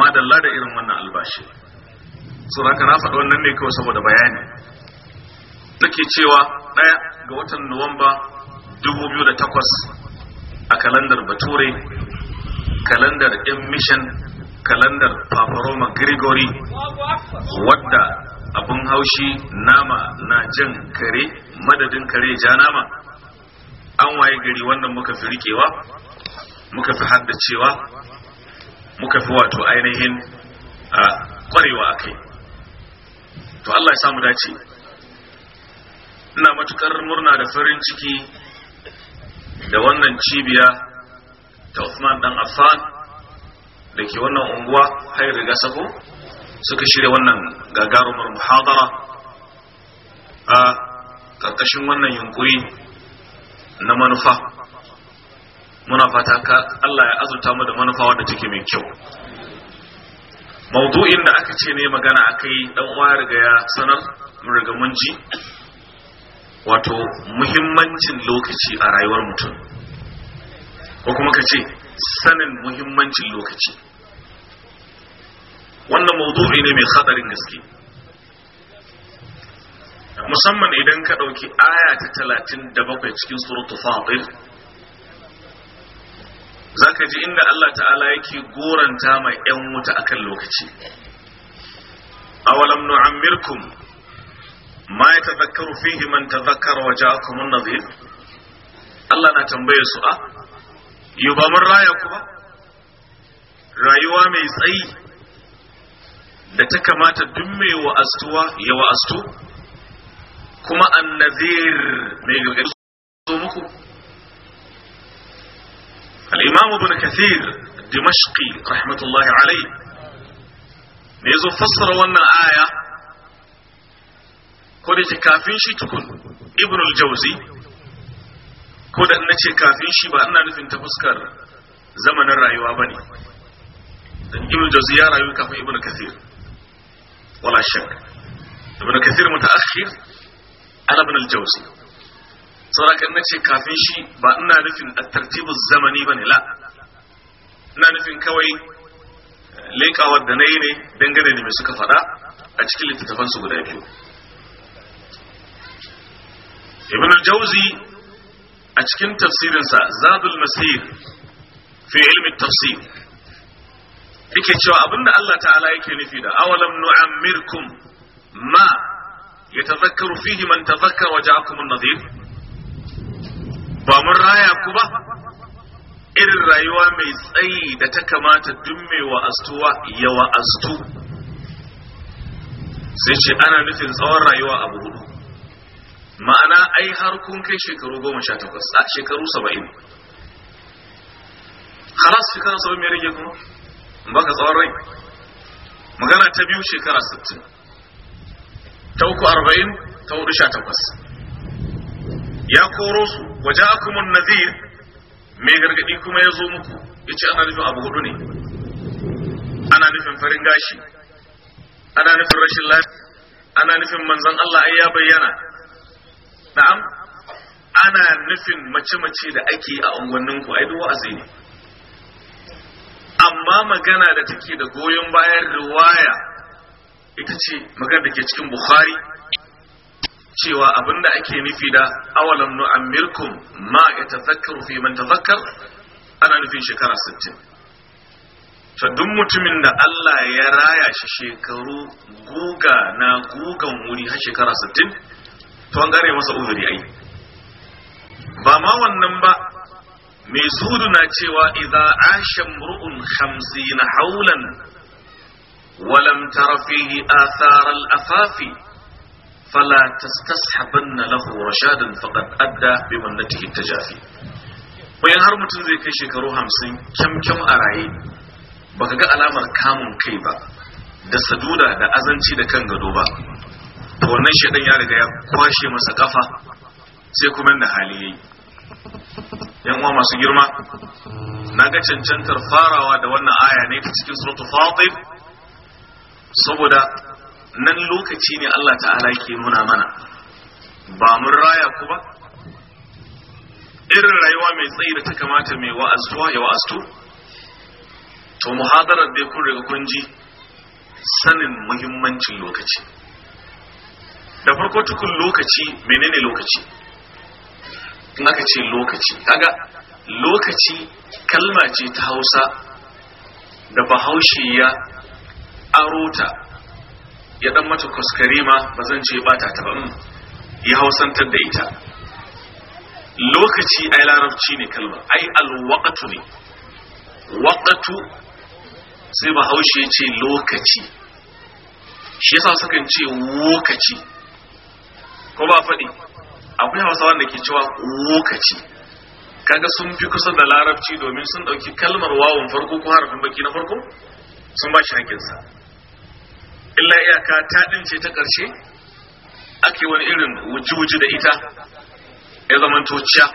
madalla da irin wannan albashi so haka na faɗa wannan ne kawai saboda bayani nake cewa ɗaya ga watan Nuwamba 2008 a kalandar Bature kalandar Emission kalandar Paparoma Gregory wadda abun haushi nama na jan kare madadin kare ja nama an waye gari wannan muka fi rikewa muka fi haddacewa muka fi wato ainihin a kwarewa a kai to Allah ya samu dace ina matukar murna da farin ciki da wannan cibiya ta Uthman dan Affan da ke wannan unguwa har riga sako suka shirya wannan gagarumar muhadara a ƙarƙashin wannan yunkuri na manufa muna fata ka Allah ya azurta mu da manufa wadda take mai kyau maudu'in da aka ce ne magana akai dan uwa riga ya sanar mun riga mun ji wato muhimmancin lokaci a rayuwar mutum ko kuma ka ce sanin muhimmancin lokaci wannan mawdu'i ne mai hadarin gaske musamman idan ka dauki aya ta 37 cikin suratul fatir zaka ji inda Allah ta'ala yake goranta mai yan wuta akan lokaci awalam nu'ammirkum ma yatadhakkaru fihi man tadhakkara wa ja'akum an-nadhir Allah na tambaye su a ah, Yuba mun raya ku ba rayuwa mai tsayi da ta kamata duk mai wa'astuwa ya wa'astu kuma annazir mai gargaɗi zo muku al-imam ibn kathir dimashqi rahmatullahi alayhi ne yazo fassara wannan aya ko da ke kafin shi tukun ibn al-jawzi ko da ina ce kafin shi ba ina nufin ta fuskar zamanin rayuwa bane dan ibn al-jawzi ya rayu kafin ibn kathir ولا شك ابن كثير متأخر أنا ابن الجوزي صار كأنك شيء كافين شيء بأننا نفهم الترتيب الزمني بني لا ina nufin kawai leƙawar da na yi ne dangane da mai suka faɗa a cikin littattafansu guda biyu ibn al-jauzi a cikin tafsirinsa zadul masir fi ilmi tafsir yake cewa abinda Allah ta'ala yake nufi da awalam nu'ammirkum ma yatazakkaru fihi man tazakkara wa ja'akum an-nadhir ba mun raya ku ba irin rayuwa mai tsayi da ta kamata duk mai astuwa ya wa astu sai ce ana nufin tsawon rayuwa abu hudu ma'ana ai har kun kai shekaru goma sha takwas a shekaru saba'in haras shekaru saba'in mai rage kuma baka tsawarai magana ta biyu shekara 60 ta uku 40 ta hudu 18 ya koro su waje akumun nazir mai gargadi kuma ya zo muku ya ce ana nufin abu hudu ne ana nufin farin gashi ana nufin rashin lafiya ana nufin manzan Allah ai ya bayyana na'am ana nufin mace-mace da ake a ungwanninku ai a wa'azi ne amma magana da take da goyon bayan riwaya ita ce magana da ke cikin bukhari cewa abinda ake nufi da awalam amirkum ma yatazakkaru fi man tazakkar ana nufin shekara 60 Ta duk mutumin da Allah ya raya shi shekaru guga na gugan wuri har shekara 60 to an gare masa uzuri ai ba ma wannan ba mai sudu na cewa idza asha mur'un 50 haulan ولم تر فيه آثار الأفاف فلا تستصحبن له رشادا فقد أدى ta jafi. bayan har mutum zai kai shekaru hamsin kyamkyam a raye baka ga alamar kamun kai ba da saduda da azanci da kan gado ba to wannan shaidan ya riga ya kwashe masa kafa sai kuma da hali yayi yan uwa masu girma na ga cancantar farawa da wannan aya ne ta cikin suratu fatir saboda nan lokaci ne Allah ta'ala ke nuna mana ba mun raya ku ba irin rayuwa mai tsayi da ta kamata mai wa'aztuwa ya wa'aztu to muhadarar dai kun riga kun ji sanin muhimmancin lokaci da farko tukun lokaci menene lokaci in aka ce lokaci kaga lokaci kalma ce ta hausa da bahaushe ya arota ya dan mata kuskarima ba zan ce bata ta ba mm, ya hausantar da ita lokaci ai larabci ne kalma ai alwaqtu ne waqtu sai bahaushe ya ce lokaci shi yasa sukan ce wokaci ko ba faɗi akwai hausa wanda ke cewa lokaci kaga sun fi kusa da larabci domin sun dauki kalmar wawan farko ko harafin baki na farko sun ba shi hakinsa illa iyaka ta dince ta karshe ake wani irin wuji-wuji da ita ya zama tociya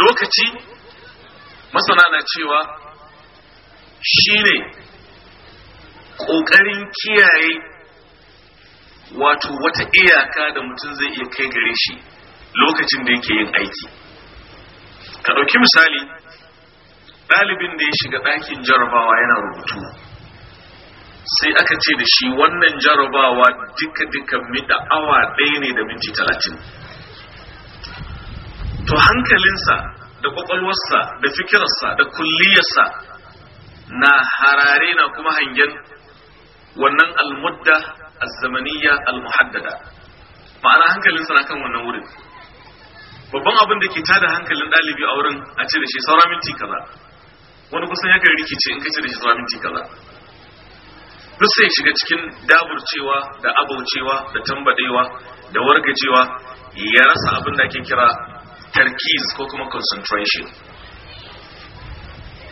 lokaci masana na cewa shine ƙoƙarin kiyaye wato wata iyaka da mutum zai iya kai gare shi lokacin da yake yin aiki ka ɗauki misali ɗalibin da ya shiga ɗakin jarabawa yana rubutu sai aka ce da shi wannan jarabawa duka-duka mida awa ɗaya ne da minti talatin to hankalinsa da ƙwaƙwalwarsa da fikirarsa da kulliyarsa na harare na kuma hangen wannan almudda az-zamaniyya al ma'ana hankalinsa na kan wannan wurin babban abin da ke tada hankalin ɗalibi a wurin a ce da shi saura minti kaza wani kusan ya kai rikice in ka ce da shi saura minti kaza duk sai shiga cikin daburcewa da abaucewa da tambadewa da wargajewa ya rasa abin da ake kira tarkiz ko kuma concentration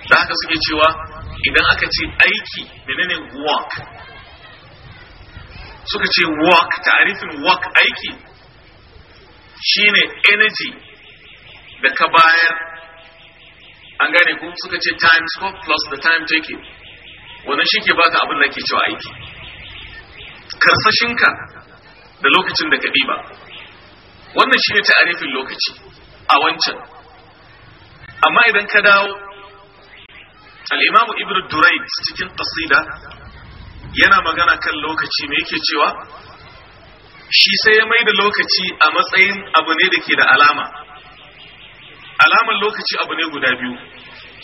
da haka suke cewa idan aka ce aiki menene work suka ce work tarifin work aiki shine energy da ka bayar an gane ku suka ce time scope plus the time taken wannan shi ke baka abin da ke cewa aiki karsashinka da lokacin da ka ɗiba wannan shi ne tarifin lokaci a wancan amma idan ka dawo al'imamu Ibrahim durait cikin ƙasida yana magana kan lokaci me yake cewa shi sai ya maida lokaci a matsayin abu ne da ke da alama alaman lokaci abu ne guda biyu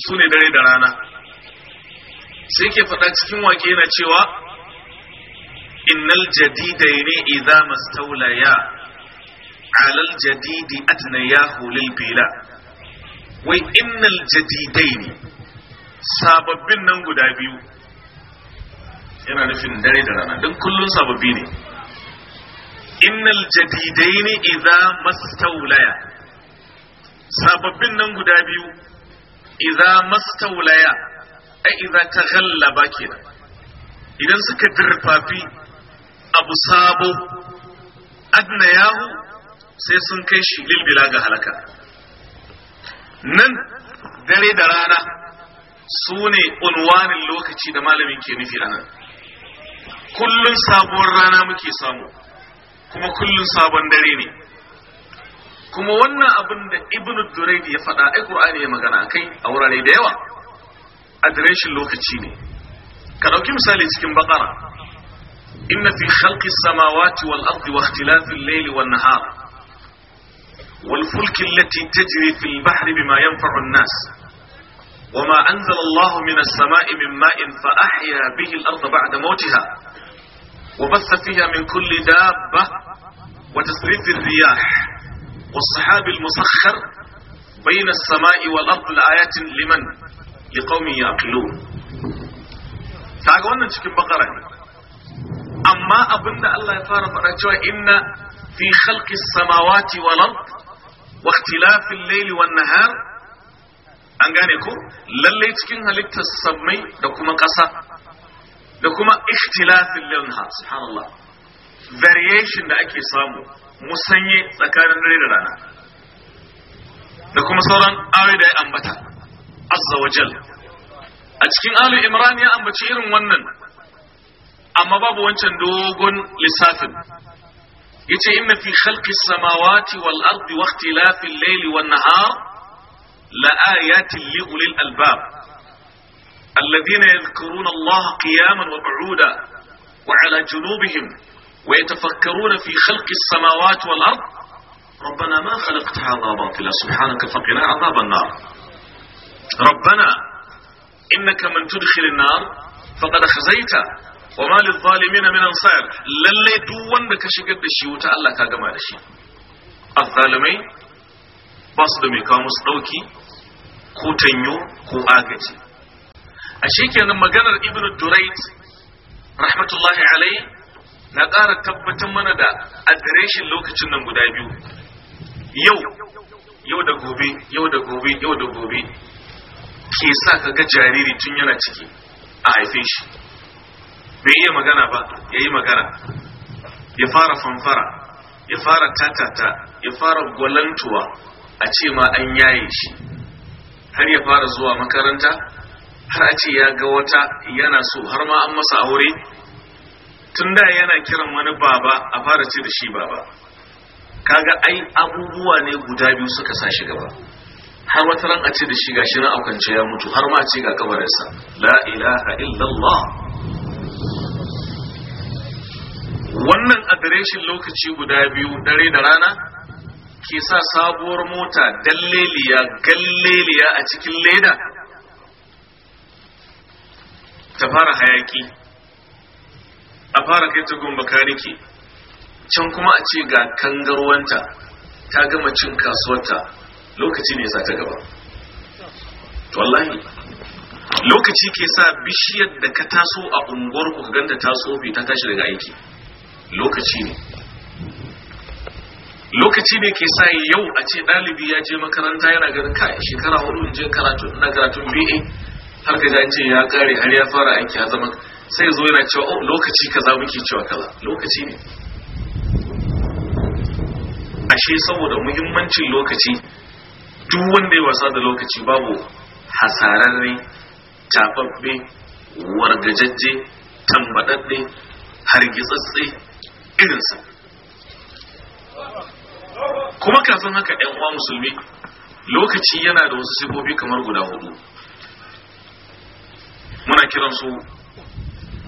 su ne dare da rana sai ke faɗa cikin wake yana cewa innal jadidai ne idza mastaulaya alal jadidi adnayahu lil bila wai innal jadidaini sababbin nan guda biyu yana nufin dare da rana don kullun sababbi ne innal jadidaini idza mastawlaya sababbin nan guda biyu idza mastawlaya ai idza taghallaba kenan idan suka dirfafi abu sabo adna yahu sai sun kai shi lilbila ga halaka nan dare da rana sune ne unwanin lokaci da malamin ke nufi a nan kullun sabon rana muke samu kuma kullun sabon dare ne kuma wannan abin da ibnu duraid ya faɗa ai qur'ani ya magana kai a wurare da yawa adireshin lokaci ne ka dauki misali cikin baqara inna fi khalqis samawati wal ardi wa ikhtilafil layli wan nahar wal fulki allati tajri fil bahri bima yanfa'u an-nas وما أنزل الله من السماء من ماء فأحيا به الأرض بعد موتها وبث فيها من كل دابة وتسريف الرياح والصحاب المسخر بين السماء والأرض لآيات لمن لقوم يأقلون تعقوانا نشكي بقرة أما أبن الله يفارض رجوع إن في خلق السماوات والأرض واختلاف الليل والنهار أنجانيكو لليتكين هلكت السمي دوكما قصة da kuma ikhtilafin launha subhanallah variation da ake samu musanye tsakanin dare da rana da kuma sauran aure da ya ambata azza wajal a cikin alu imran ya ambaci irin wannan amma babu wancan dogon lissafin yace inna fi khalqi samawati wal ardi wa ikhtilafil layli wan nahar la ayatin li ulil albab الذين يذكرون الله قياما وقعودا وعلى جنوبهم ويتفكرون في خلق السماوات والأرض ربنا ما خلقت هذا باطلا سبحانك فقنا عذاب النار ربنا إنك من تدخل النار فقد خزيت وما للظالمين من أنصار للي دوان دك شكد الشيوت الله كاقما لشي الظالمين بصدمي ميكاموس دوكي كو tanyo a shekenan maganar ibn durayt rahmatullahi alai na ƙara tabbatar mana da adireshin lokacin nan guda biyu yau yau da gobe yau da gobe yau da gobe ke sa ka ga jariri tun yana ciki a haife shi bai iya magana ba ya yi magana ya fara fanfara ya fara tatata ya fara gwalantuwa a ce ma an yaye shi har ya fara zuwa makaranta har a ce ya ga wata yana so har ma an masa aure tun da yana kiran wani baba a fara ce da shi baba kaga ai abubuwa ne guda biyu suka sa shi gaba har wata ran a ce da shi gashi na aukance ya mutu har ma a ce ga kabarinsa la ilaha illallah wannan adireshin lokaci guda biyu dare da rana ke sa sabuwar mota dalleliya galleliya a cikin leda ta fara hayaki a fara kai ta gumba can kuma a ce ga kangarwanta ta gama cin kasuwarta lokaci ne sa ta gaba wallahi lokaci ke sa bishiyar da ka taso a unguwar ku ganta ta bi ta tashi daga aiki lokaci ne lokaci ne ke sa yau a ce dalibi ya je makaranta yana ganin ka shekara hudu je karatu na karatun ba har ka ji ce ya kare har ya fara aiki a zaman sai zo yana cewa oh lokaci kaza muke cewa kaza lokaci ne ashe saboda muhimmancin lokaci duk wanda ya wasa da lokaci babu hasararre tafafbe wargajajje tambadadde hargitsatse irinsa kuma kafin haka ɗan uwa musulmi lokaci yana da wasu sifofi kamar guda hudu muna kiransu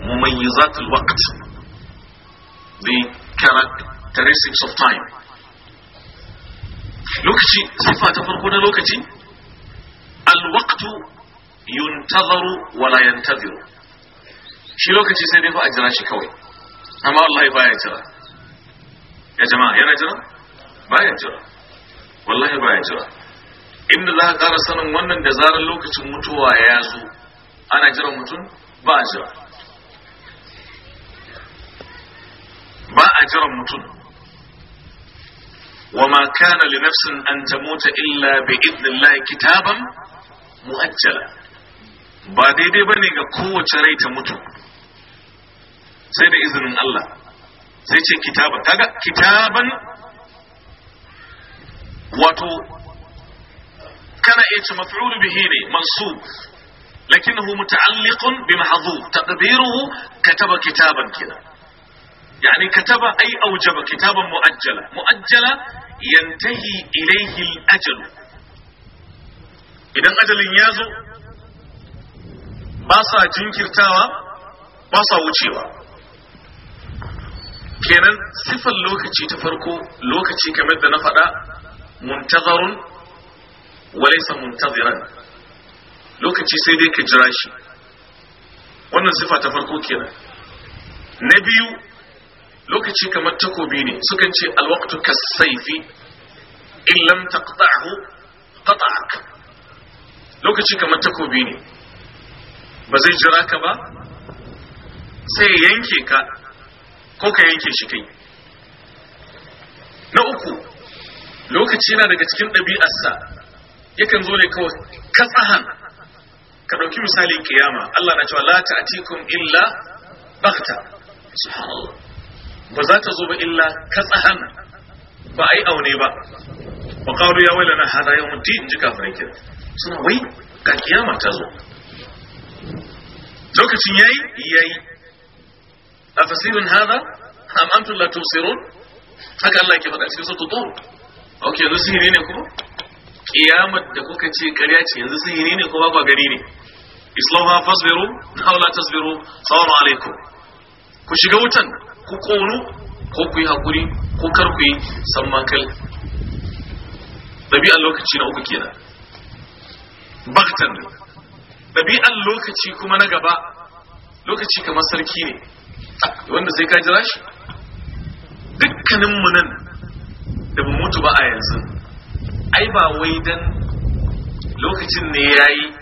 mumayyizatul waqt the characteristics of time lokaci sifa ta farko na lokaci alwaqtu yuntazaru la yantaziru shi lokaci sai dai ba a jira shi kawai amma wallahi baya jira ya jama'a yana jira baya jira wallahi baya jira inda za ka ƙara sanin wannan da zarar lokacin mutuwa ya zo ana jiran mutum ba a jira ba a jiran mutum wa ma kana li nafsin an tamuta illa bi idnillahi kitaban mu'ajjala ba daidai bane ga kowace rai ta mutu sai da izinin Allah sai ce kitaban kaga kitaban wato kana iya ce maf'ul bihi ne mansub لكنه متعلق بمحظوظ تقديره كتب كتابا كذا يعني كتب أي أوجب كتابا مؤجلا مؤجلا ينتهي إليه الأجل إذا أجل يازو باسا جنكر تاوى باسا وشيوى كان صفة lokaci ta farko lokaci kamar da na منتظر وليس منتظرا lokaci sai dai ka jira shi wannan sifa ta farko kenan na biyu lokaci kamar takobi ne sukan ce alwaktu kasaifi in lam taqta'hu qata'ak lokaci kamar takobi ne ba zai jira ka ba sai yanke ka ko ka yanke shi kai na uku lokaci na daga cikin ɗabi'arsa yakan zo ne kawai katsahan ka ɗauki misali kiyama Allah na cewa la ta'tikum illa baghta subhanallah ba za ta zo ba illa katsahan ba ai aune ba wa qalu ya wailana hada yawmuddin jika farkin suna wai ga kiyama ta zo lokacin yayi yayi afasirin hada am antum la tusirun haka Allah ke faɗa cikin sautu tur Ok yanzu sihiri ne kuma kiyamar da kuka ce ƙarya ce yanzu sihiri ne kuma ba gari ne islama fasbiru aw la tasbiru salamu alaykum ku shiga wutan ku kono ko ku yi hakuri ko kar ku yi sammakal dabi'an lokaci na uku kenan baktan dabi'an lokaci kuma na gaba lokaci kamar sarki ne wanda sai ka jira shi mu nan da mu mutu ba a yanzu ai ba wai dan lokacin ne yayi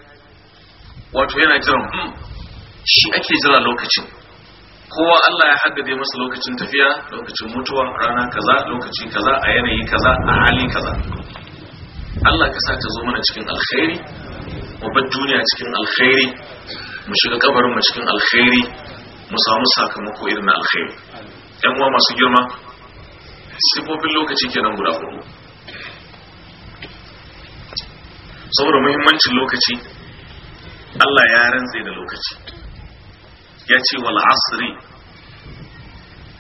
wato yana jiran hmm, shi ake jira lokacin kowa Allah ya haddade masa lokacin tafiya lokacin mutuwa rana kaza lokaci kaza a yanayi kaza a hali kaza Allah ka sa ta zo mana cikin alkhairi mu bar duniya cikin alkhairi mu shiga kabarin mu cikin alkhairi mu samu sakamako irin na alkhairi yan uwa masu girma sifofin lokaci kenan guda hudu saboda muhimmancin lokaci Allah ya rantsa da lokaci yace wal asri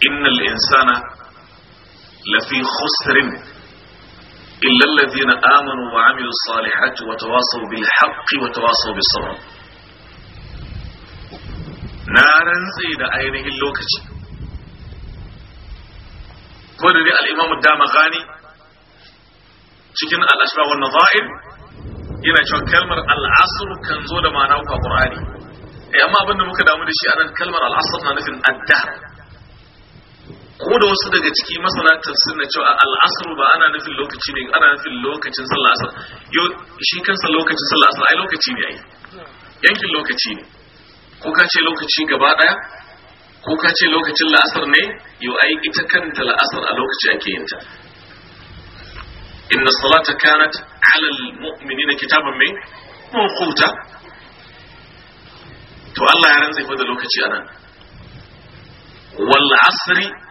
innal insana lafi khusr illa alladhina amanu wa amilu salihati wa tawasaw bil haqqi wa tawasaw bis sabr na rantsa da ainihin lokaci ko da al-imam ad-damaghani cikin al-ashbah wan nadhaib yana cewa kalmar al'asr kan zo da ma'ana uku a ƙur'ani. eh amma abinda muka damu da shi a nan kalmar al'asr na nufin ad-dahr ko da wasu daga ciki masana tafsir na cewa al'asr ba ana nufin lokaci ne ana nufin lokacin sallar asr yo shi kansa lokacin sallar asr ai lokaci ne ai yankin lokaci ne ko ka ce lokaci gaba daya ko ka ce lokacin la'asar ne yau ai ita kanta la'asar a lokaci ake yinta inna salata kanat على المؤمنين كتابا من موقوتا تو الله يرنزي فضلوك تيانا والعصر